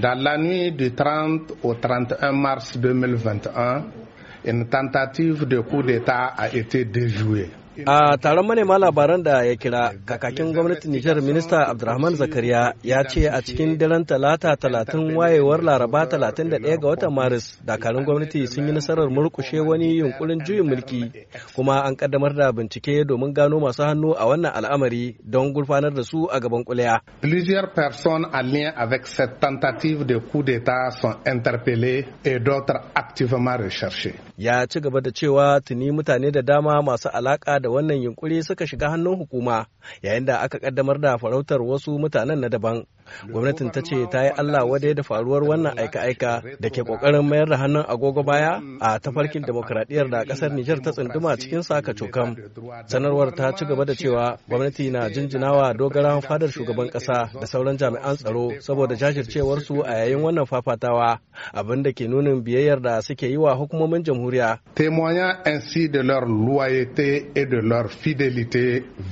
Dans la nuit du 30 au 31 mars 2021, une tentative de coup d'État a été déjouée. A taron manema labaran da ya kira kakakin gwamnatin Nijar Minista Abdulrahman Zakariya ya ce a cikin daren talata talatin wayewar laraba talatin da ɗaya ga watan Maris dakarun gwamnati sun yi nasarar murkushe wani yunkurin juyin mulki kuma an kaddamar da bincike domin gano masu hannu a wannan al'amari don gurfanar da su a gaban kuliya. Plusieurs personnes en lien avec cette tentative de coup d'état sont interpellées et d'autres activement recherchées. Ya ci gaba da cewa tuni mutane da dama masu alaka da wannan yunkuri suka shiga hannun hukuma yayin da aka kaddamar da farautar wasu mutanen na daban Gwamnatin ta ce ta yi Allah wadai da faruwar wannan aika-aika da ke kokarin mayar da hannun agogo baya a tafarkin demokradiyyar da ƙasar Nijar ta tsunduma cikin saka cokam. Sanarwar ta ci gaba da cewa gwamnati na jinjinawa dogara fadar shugaban ƙasa da sauran jami'an tsaro saboda jajircewar su a yayin wannan fafatawa abin da ke nunin biyayyar da suke yi wa hukumomin jamhuriya. Témoignant ainsi de leur loyauté et de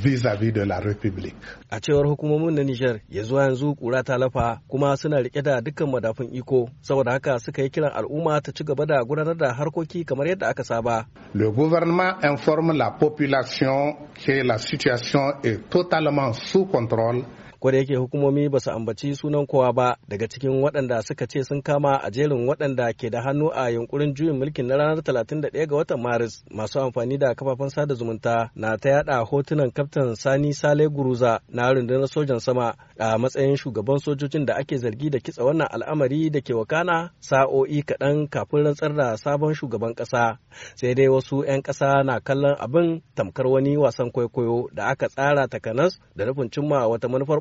vis-à-vis de la République. A cewar hukumomin na Nijar ya zuwa yanzu kura ta lafa kuma suna rike da dukkan madafun iko saboda haka suka yi kiran al'umma ta ci gaba da gudanar da harkoki kamar yadda aka saba. Le gouvernement informe la population que la situation est totalement sous contrôle da yake hukumomi ba su ambaci sunan kowa ba daga cikin waɗanda suka ce sun kama a jerin waɗanda ke da hannu a yunkurin juyin mulkin na ranar 31 ga watan maris masu amfani da kafafen sada zumunta na ta yada hotunan kaftan sani sale guruza na rundunar sojan sama a matsayin shugaban sojojin da ake zargi da kitsa wannan al'amari da ke wakana sa'o'i kaɗan kafin rantsar da sabon shugaban ƙasa sai dai wasu 'yan ƙasa na kallon abin tamkar wani wasan kwaikwayo da aka tsara takanas da nufin cimma wata manufar